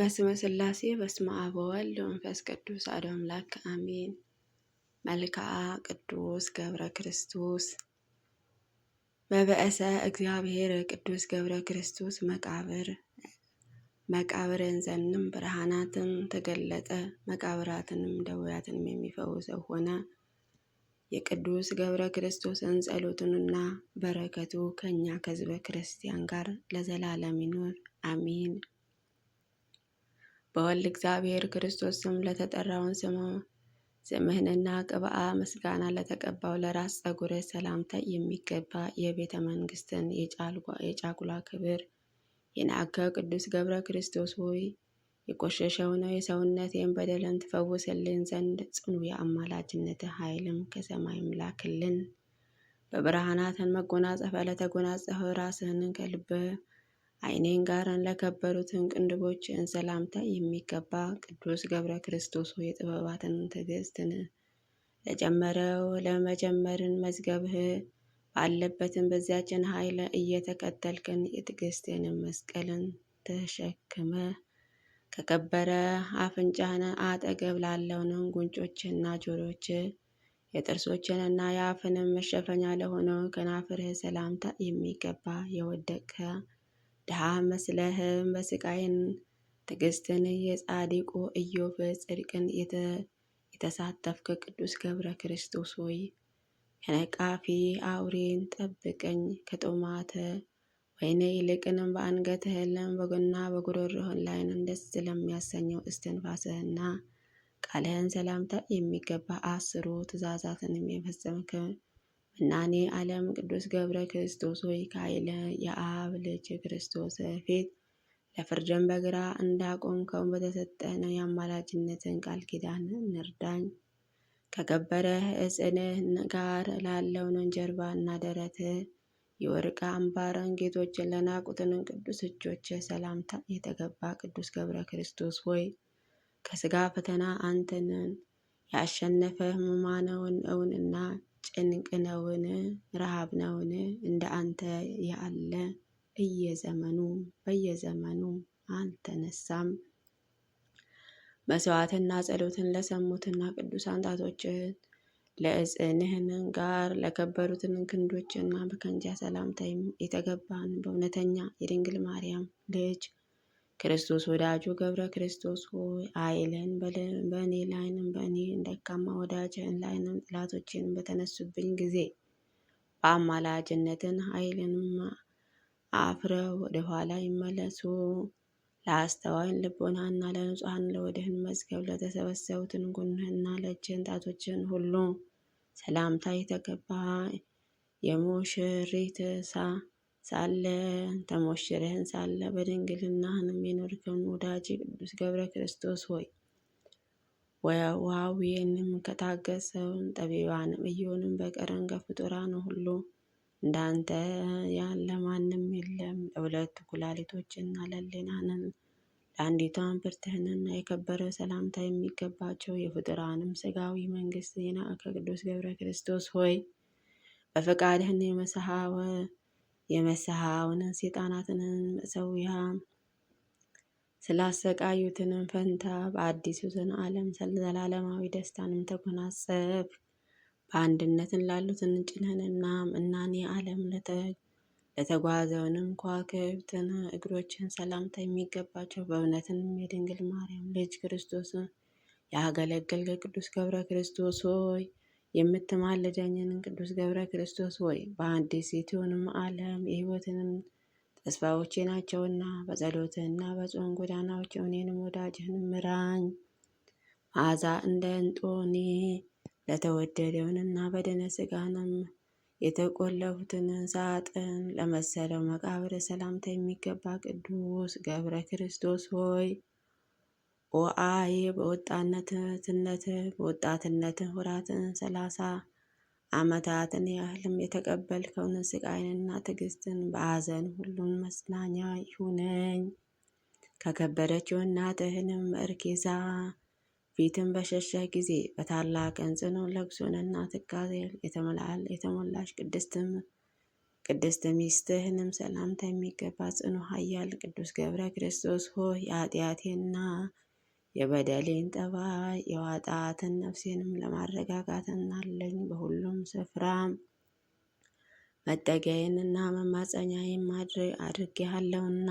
በስመ ስላሴ በስመ አብ ወወልድ ወመንፈስ ቅዱስ አሐዱ አምላክ አሜን። መልክዓ ቅዱስ ገብረ ክርስቶስ በበእሰ እግዚአብሔር ቅዱስ ገብረ ክርስቶስ መቃብር መቃብርን ዘንም ብርሃናትን ተገለጠ መቃብራትንም ደውያትንም የሚፈውሰው ሆነ። የቅዱስ ገብረ ክርስቶስን ጸሎቱንና በረከቱ ከእኛ ከሕዝበ ክርስቲያን ጋር ለዘላለም ይኑር አሚን። በወልድ እግዚአብሔር ክርስቶስ ስም ለተጠራውን ስምህንና ቅብአ ምስጋና ለተቀባው ለራስ ጸጉር ሰላምታ የሚገባ የቤተ መንግስትን የጫጉላ ክብር የናከው ቅዱስ ገብረ ክርስቶስ ሆይ የቆሸሸውን የሰውነቴን በደልን ትፈውስልን ዘንድ ጽኑ የአማላጅነት ኃይልም ከሰማይ ምላክልን። በብርሃናትን መጎናጸፊያ ለተጎናጸፈ ራስህንን ከልብህ አይኔን ጋራን ለከበሩትን ቅንድቦችን ሰላምታ የሚገባ ቅዱስ ገብረ ክርስቶስ ሆይ ጥበባትን ትዕግስትን ለጀመረው ለመጀመርን መዝገብህ ባለበትን በዚያችን ኃይለ እየተከተልክን የትዕግስትንም መስቀልን ተሸክመ ከከበረ አፍንጫህን አጠገብ ላለውንም ጉንጮችና ጆሮች የጥርሶችንና የአፍንም መሸፈኛ ለሆነው ከናፍርህ ሰላምታ የሚገባ የወደቀ ድሃ መስለህም በስቃይን ትዕግስትን የጻድቁ ኢዮብ ጽድቅን የተሳተፍክ ቅዱስ ገብረ ክርስቶስ ሆይ ከነቃፊ አውሬን ጠብቀኝ። ከጦማተ ወይን ይልቅንም በአንገትህ ህልም በጎና በጉሮሮህን ላይንም ደስ ስለሚያሰኘው እስትንፋስህና ቃልህን ሰላምታ የሚገባ አስሩ ትእዛዛትንም የፈጸምክ እናኔ ዓለም ቅዱስ ገብረ ክርስቶስ ሆይ ካይለ የአብ ልጅ ክርስቶስ ፊት ለፍርድን በግራ እንዳቆምከው በተሰጠነ የአማላጅነትን ቃል ኪዳን እንርዳኝ። ከከበረ እጽንህ ጋር ላለውን ጀርባ እና ደረት የወርቅ አምባረን ጌጦችን ለናቁትን ቅዱስ እጆች ሰላምታ የተገባ ቅዱስ ገብረ ክርስቶስ ሆይ ከስጋ ፈተና አንተንን ያሸነፈ ሕሙማነውን እውንና ረሃብ ረሃብነውን እንደ አንተ ያለ እየዘመኑ በየዘመኑ አልተነሳም። መስዋዕትና ጸሎትን ለሰሙትና ቅዱሳን ጣቶችህን ለእጽንህን ጋር ለከበሩትን ክንዶችና በከንጃ ሰላምታይም የተገባን በእውነተኛ የድንግል ማርያም ልጅ ክርስቶስ ወዳጁ ገብረ ክርስቶስ ሆይ አይልን በእኔ ላይንም በእኔ ደካማ ወዳጅህን ላይንም ጥላቶችን በተነሱብኝ ጊዜ በአማላጅነትን ኃይልንም አፍረው ወደ ኋላ ይመለሱ። ለአስተዋይን ልቦናና ለንጹሐን ለወድህን መዝገብ ለተሰበሰቡትን ጉንህና ለእጅህን ጣቶችን ሁሉ ሰላምታ የተገባ የሙሽሪት ሳ ሳለ ተሞሽረህን ሳለ በድንግልናህን የሚኖርከውን ወዳጅ ቅዱስ ገብረ ክርስቶስ ሆይ ወያውያዊንም ከታገሰውን ጠቢባንም እየሆንም በቀረን ከፍጡራን ሁሉ እንዳንተ ያለ ማንም የለም። ለሁለቱ ኩላሊቶችና ለሌናንን ለአንዲቷን ብርትህንና የከበረ ሰላምታ የሚገባቸው የፍጡራንም ስጋዊ መንግስት ዜና ከቅዱስ ገብረ ክርስቶስ ሆይ በፈቃድህን የመሰሃወ የመሳሃውንም ሴጣናትንም ሰውያ ስላሰቃዩትንም ፈንታ ዘን ዓለም ዘላለማዊ ደስታንም ተጎናጸፍ። በአንድነትን ላሉት እንጭንህንና እናኔ ዓለም ለተጓዘውንም ከዋክብትን እግሮችን ሰላምታ የሚገባቸው በእውነትንም የድንግል ማርያም ልጅ ክርስቶስን ያገለገልገ ቅዱስ ገብረ ክርስቶስ ሆይ የምትማልደኝን ቅዱስ ገብረ ክርስቶስ ሆይ በአዲሲቱንም ዓለም የህይወትንም ተስፋዎቼ ናቸውና በጸሎትህና በጾም ጎዳናዎች እኔንም ወዳጅህን ምራኝ። መዓዛ እንደ እንጦኒ ለተወደደውንና በደነ ስጋንም የተቆለፉትን ሳጥን ለመሰለው መቃብር ሰላምታ የሚገባ ቅዱስ ገብረ ክርስቶስ ሆይ ኦአዬ በወጣነትነትህ በወጣትነት ወራትን ሰላሳ ዓመታትን ያህልም የተቀበልከውን ስቃይንና ትዕግስትን በአዘን ሁሉን መጽናኛ ይሁነኝ። ከከበደችው እናትህንም እርክ ፊትን በሸሸ ጊዜ በታላቅን ጽኑ ለቅሶንና ትካዜ የተመላል የተሞላሽ ቅድስትም ቅድስት ሚስትህንም ሰላምታ የሚገባ ጽኑ ኃያል ቅዱስ ገብረ ክርስቶስ ሆይ የኃጢአቴና የበደሌን ጠባይ የዋጣትን ነፍሴንም ለማረጋጋት እናለኝ በሁሉም ስፍራ መጠጊያዬንና መማፀኛዬን አድርጌሃለሁና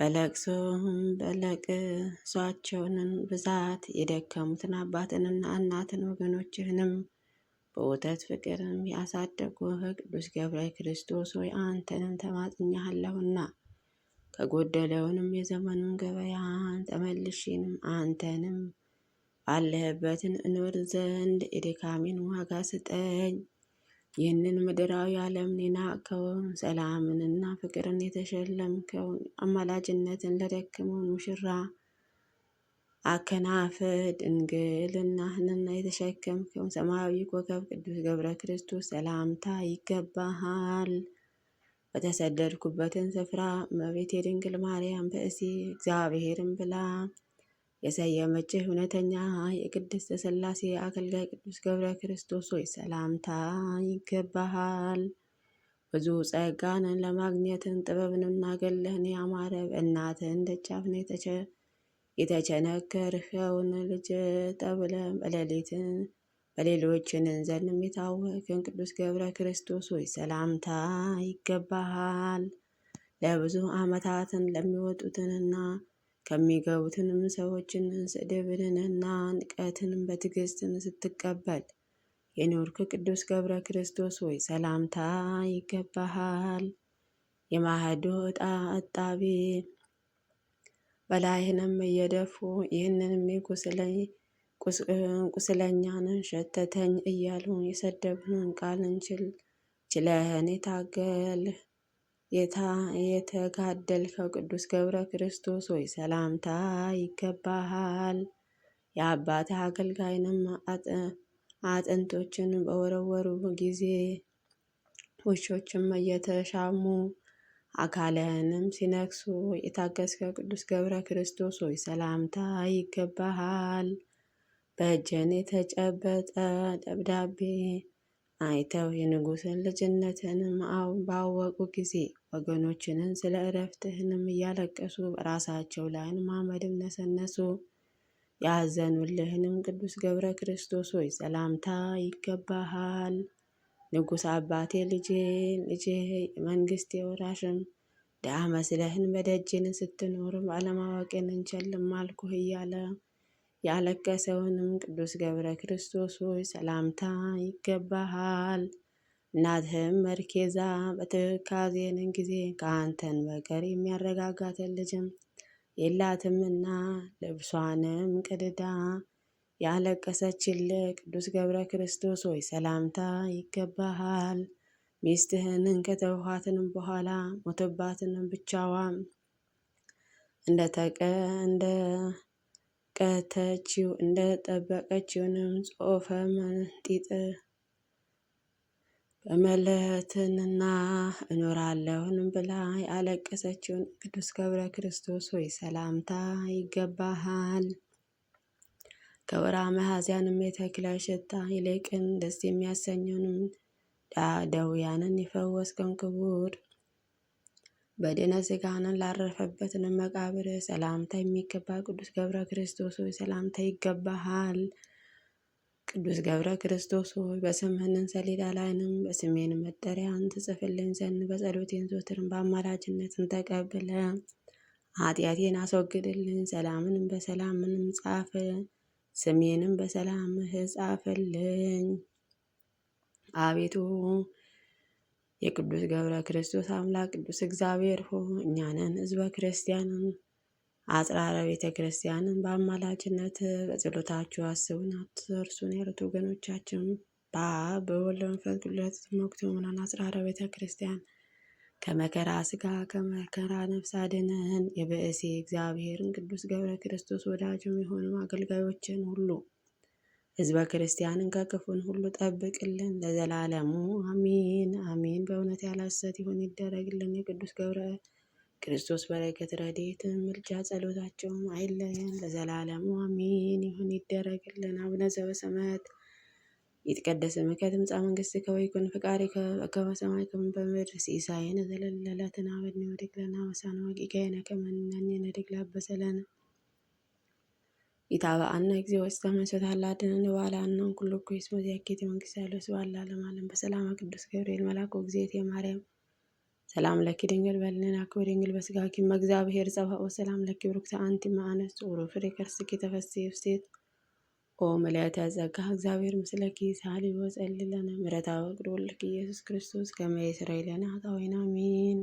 በለቅሶም በለቅሷቸውንም ብዛት የደከሙትን አባትንና እናትን ወገኖችህንም በወተት ፍቅርም ያሳደጉህ ቅዱስ ገብረ ክርስቶስ ሆይ አንተንም ተማጽኛሃለሁና ከጎደለውንም የዘመኑን ገበያን ተመልሽንም አንተንም አለህበትን እኖር ዘንድ የድካሜን ዋጋ ስጠኝ። ይህንን ምድራዊ ዓለምን የናቅከውን ሰላምንና ፍቅርን የተሸለምከውን አማላጅነትን ለደከመውን ሙሽራ አከናፍድ ድንግልናህንና የተሸከምከውን ሰማያዊ ኮከብ ቅዱስ ገብረ ክርስቶስ ሰላምታ ይገባሃል። የተሰደድኩበትን ስፍራ እመቤቴ ድንግል ማርያም ብእሲ እግዚአብሔርን ብላ የሰየመች እውነተኛ የቅድስት ስላሴ አገልጋይ ቅዱስ ገብረ ክርስቶስ ሆይ ሰላምታ ይገባሃል። ብዙ ጸጋንን ለማግኘትን ጥበብንና ገለህን ያማረ በእናትህን ደጃፍን የተቸነከርኸውን ልጅ ተብለ በሌሊትን በሌሎችን ዘንድ የታወክን ቅዱስ ገብረ ክርስቶስ ሆይ ሰላምታ ይገባሃል። ለብዙ ዓመታትን ለሚወጡትንና ከሚገቡትንም ሰዎችን ስድብንና ንቀትን በትዕግስትን ስትቀበል የኖርክ ቅዱስ ገብረ ክርስቶስ ሆይ ሰላምታ ይገባሃል። የማህዶ ዕጣ እጣቢ በላይህንም እየደፉ ይህንን የሚቁስለኝ ቁስለኛንን ሸተተኝ እያሉ የሰደቡንን ቃል እንችል ችለህን የታገል የተጋደልከው ቅዱስ ገብረ ክርስቶስ ሆይ ሰላምታ ይገባሃል። የአባት አገልጋይንም አጥንቶችን በወረወሩ ጊዜ ውሾችም እየተሻሙ አካልህንም ሲነክሱ የታገስከው ቅዱስ ገብረ ክርስቶስ ሆይ ሰላምታ ይገባሃል። በእጀን የተጨበጠ ደብዳቤ አይተው የንጉሥን ልጅነትንም ባወቁ ጊዜ ወገኖችንን ስለ እረፍትህንም እያለቀሱ በራሳቸው ላይን ማመድም ነሰነሱ። ያዘኑልህንም ቅዱስ ገብረ ክርስቶስ ሆይ ሰላምታ ይገባሃል። ንጉሥ አባቴ ልጄ ልጄ የመንግሥት የወራሽም ዳመስለህን ስለህን በደጅን ስትኖርም አለማወቅን እንቸልም አልኩህ እያለ ያለቀሰውንም ቅዱስ ገብረ ክርስቶስ ሆይ ሰላምታ ይገባሃል። እናትህም መርኬዛ በትካዜን ጊዜ ከአንተን በቀር የሚያረጋጋትን ልጅም የላትምና ልብሷንም ቅድዳ ያለቀሰችልህ ቅዱስ ገብረ ክርስቶስ ሆይ ሰላምታ ይገባሃል። ሚስትህንን ከተውኋትንም በኋላ ሞተባትንም ብቻዋ እንደተቀ እንደ ቀተችው። እንደ ጠበቀችውንም ጾፈ መንጢጥ በመለትንና እኖራለሁንም ብላ ያለቀሰችውን ቅዱስ ገብረ ክርስቶስ ሆይ ሰላምታ ይገባሃል። ከወራ መሐዚያንም የተክለ ሽታ ይልቅን ደስ የሚያሰኘውንም ዳደውያንን የፈወስከውን ክቡር በድነ ሥጋንን ላረፈበትን መቃብር ሰላምታ የሚገባ ቅዱስ ገብረ ክርስቶስ ሆይ ሰላምታ ይገባሃል። ቅዱስ ገብረ ክርስቶስ ሆይ በስምህንን ሰሌዳ ላይንም በስሜን መጠሪያን ትጽፍልኝ ዘንድ በጸሎቴን ዞትርን በአማላጅነትን ተቀብለ ኃጢአቴን አስወግድልኝ። ሰላምንም በሰላምንም ጻፍ ስሜንም በሰላምህ ጻፍልኝ አቤቱ የቅዱስ ገብረ ክርስቶስ አምላክ ቅዱስ እግዚአብሔር ሆ እኛንን ህዝበ ክርስቲያንን አጽራረ ቤተ ክርስቲያንን በአማላጅነት በጸሎታችሁ አስቡን አትርሱን ያሉት ወገኖቻችን በአብ በወልድ በመንፈስ ቅዱስ ተሞክቶ ምናን አጽራረ ቤተ ክርስቲያን ከመከራ ስጋ ከመከራ ነፍስ አድነን። የብእሴ እግዚአብሔርን ቅዱስ ገብረ ክርስቶስ ወዳጅም የሆኑ አገልጋዮችን ሁሉ ህዝበ ክርስቲያንን ከክፉን ሁሉ ጠብቅልን ለዘላለሙ አሚን አሚን። በእውነት ያላሰት ይሁን ይደረግልን። የቅዱስ ገብረ ክርስቶስ በረከት ረድኤት፣ ምልጃ ጸሎታቸውም አይለየን ለዘላለሙ አሚን ይሁን ይደረግልን። አቡነ ዘበሰማያት ይትቀደስ ስምከ ትምጻእ መንግሥትከ ወይኩን ፈቃድከ በከመ በሰማይ ከመ በምድር ሲሳየነ ዘለለዕለትነ ሀበነ ወኅድግ ለነ አበሳነ ወጌጋየነ ከመ ንሕነኒ ንኅድግ ለአበሰ ለነ ይታበአና ጊዜ ወስተ መንሰት አላድንን በኋላ እናን ኩሉ እኮ ይስመት ያኬት የመንግስት ያለው ስባላ ለማለም በሰላም ቅዱስ ገብርኤል መላኩ እግዚአብሔር የማርያም ሰላም ለኪ ድንግል በልነን አክብር ድንግል በስጋኪ መግዛብሔር ጸባኦ ሰላም ለኪ ብሩክተ አንቲ ማአነስ ጽሩ ፍሬ ከርስኪ ተፈሥሒ ውስቴት ኦ ምልዕተ ጸጋ እግዚአብሔር ምስለኪ ሳሊ ወጸልለነ ምረታ ምሕረታዊ ቅዱልኪ ኢየሱስ ክርስቶስ ከመ ይስረይ ለነ ኃጣውኢነ አሜን።